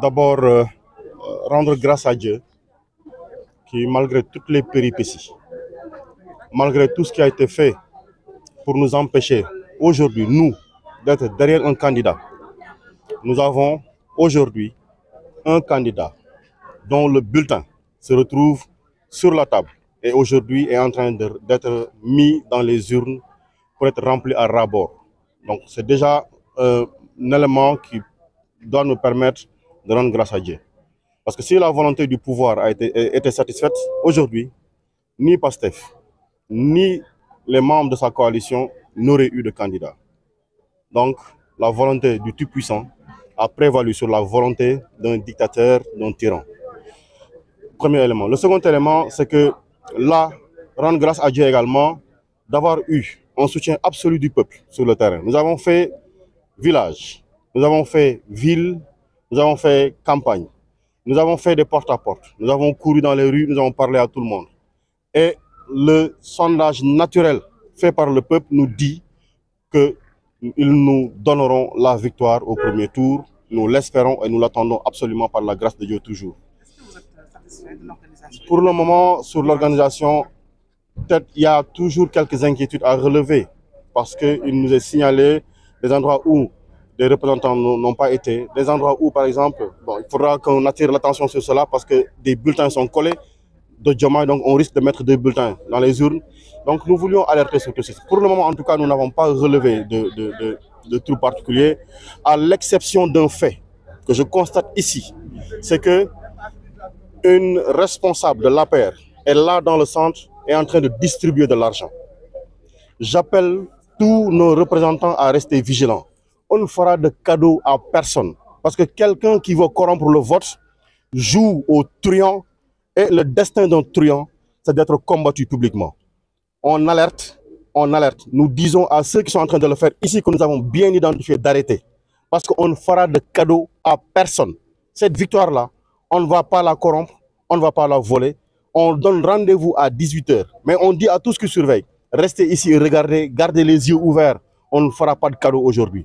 d'abord euh, rendre grâce à Dieu qui, malgré toutes les péripéties, malgré tout ce qui a été fait pour nous empêcher aujourd'hui, nous, d'être derrière un candidat, nous avons aujourd'hui un candidat dont le bulletin se retrouve sur la table et aujourd'hui est en train d'être mis dans les urnes pour être rempli à ras Donc c'est déjà euh, un élément qui doit nous permettre de rendre grâce à Dieu. Parce que si la volonté du pouvoir a été, satisfaite, aujourd'hui, ni Pastef, ni les membres de sa coalition n'auraient eu de candidat. Donc, la volonté du Tout-Puissant a prévalu sur la volonté d'un dictateur, d'un tyran. Premier élément. Le second élément, c'est que là, rendre grâce à Dieu également d'avoir eu un soutien absolu du peuple sur le terrain. Nous avons fait village, nous avons fait ville, nous avons fait campagne. Nous avons fait des porte-à-porte. Nous avons couru dans les rues, nous avons parlé à tout le monde. Et le sondage naturel fait par le peuple nous dit que nous donneront la victoire au premier tour. Nous l'espérons et nous l'attendons absolument par la grâce de Dieu toujours. Pour le moment, sur l'organisation, peut il y a toujours quelques inquiétudes à relever parce qu'il nous est signalé des endroits où les représentants n'ont pas été, des endroits où, par exemple, bon, il faudra qu'on attire l'attention sur cela parce que des bulletins sont collés de diamants, donc on risque de mettre des bulletins dans les urnes. Donc nous voulions alerter sur tout ceci. Pour le moment, en tout cas, nous n'avons pas relevé de, de, de, à l'exception d'un fait que je constate ici, c'est que une responsable de l'APR est là dans le centre et est en train de distribuer de l'argent. J'appelle tous nos représentants à rester vigilants on ne fera de cadeau à personne. Parce que quelqu'un qui veut corrompre le vote joue au truand et le destin d'un truand, c'est d'être combattu publiquement. On alerte, on alerte. Nous disons à ceux qui sont en train de le faire ici que nous avons bien identifié d'arrêter. Parce qu'on ne fera de cadeau à personne. Cette victoire-là, on ne va pas la corrompre, on ne va pas la voler. On donne rendez-vous à 18h. Mais on dit à tous qui surveillent, restez ici, regardez, gardez les yeux ouverts. On ne fera pas de cadeau aujourd'hui.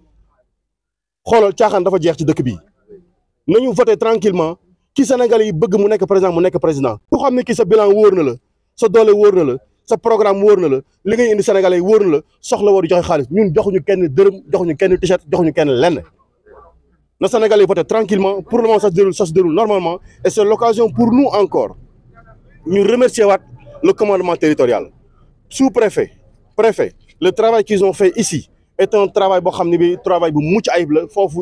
xolal caaxaan dafa jeex ci dëkk bi nañu voter tranquillement ki Sénégalais yi bëgg mu nekk président mu nekk président ku xam ne kii sa bilan wóor na la sa doole wóor na la sa programme wóor na la li ngay indi Sénégalais yi wóor na la soxla war joxe xaalis ñun joxuñu kenn dërëm joxuñu kenn t-shirt joxuñu kenn lenn na Sénégalais yi voter tranquillement pour le moment ça se déroule ça se déroule normalement et c'est l'occasion pour nous encore ñu remercier waat le commandement territorial sous-préfet préfet le travail qu'ils ont fait ici est un travail qui travail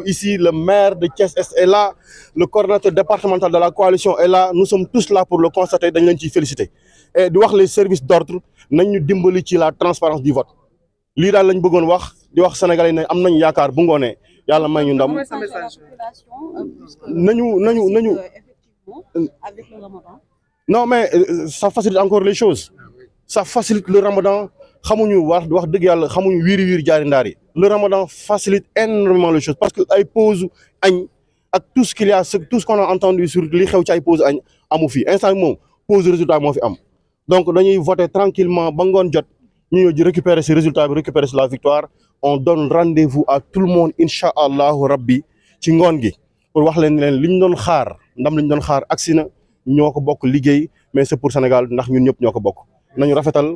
ici le maire de Thiès est là le coordinateur départemental de la coalition est là nous sommes tous là pour le constater et nous féliciter et les services d'ordre nous la transparence du vote lañ wax di sénégalais dit, bu may ñu non mais euh, ça facilite encore les choses ça facilite le ramadan xamuñu wax wax deug yalla xamuñu wir wir jaari ndaar yi le ramadan facilite énormément les choses parce que ay pause añ ak tout ce qu'il y a tout ce qu'on a entendu sur li xew ci ay pause añ amu fi instant moom pause résultat mo fi am donc dañuy voter tranquillement ba ngone jot ñu ñu di récupérer ces résultats bi récupérer la victoire on donne rendez-vous à tout le monde inshallah allahu rabbi ci ngone gi pour wax leen leen li ñu doon xaar ndam li ñu doon xaar agsi ñoko bokk mais c'est pour Sénégal ndax ñun ñëpp ñoko ko bokk nañu rafetal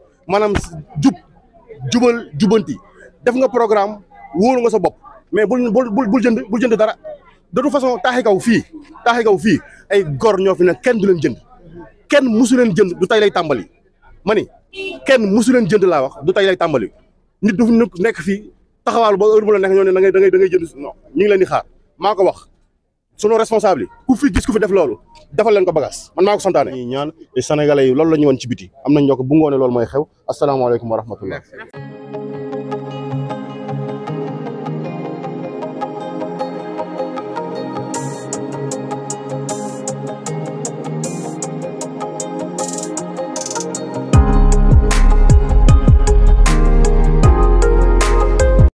maanaam jub jubal jubanti def nga programme wóolu nga sa bopp mais bul bul bul jënd bul jënd dara dadu toute façon taaxi kaw fii taaxi fii ay gor ñoo fi ne kenn du leen jënd kenn musu leen jënd du tey lay tàmbali ma ni kenn musu jënd laa wax du tey lay tàmbali nit du nekk fii taxawaalu ba heure bu la nekk ñoo ne da ngay da ngay jënd non ñu ngi leen di xaar maa ko wax sunu responsable yi ku fi gis ku fi def loolu defal leen ko bagage man maa ko santaane ñaan sénégalais yi loolu la ñu woon ci biti am nañ ñoo ko bu ngoone loolu mooy xew asalaamaaleykum wa rahmatullah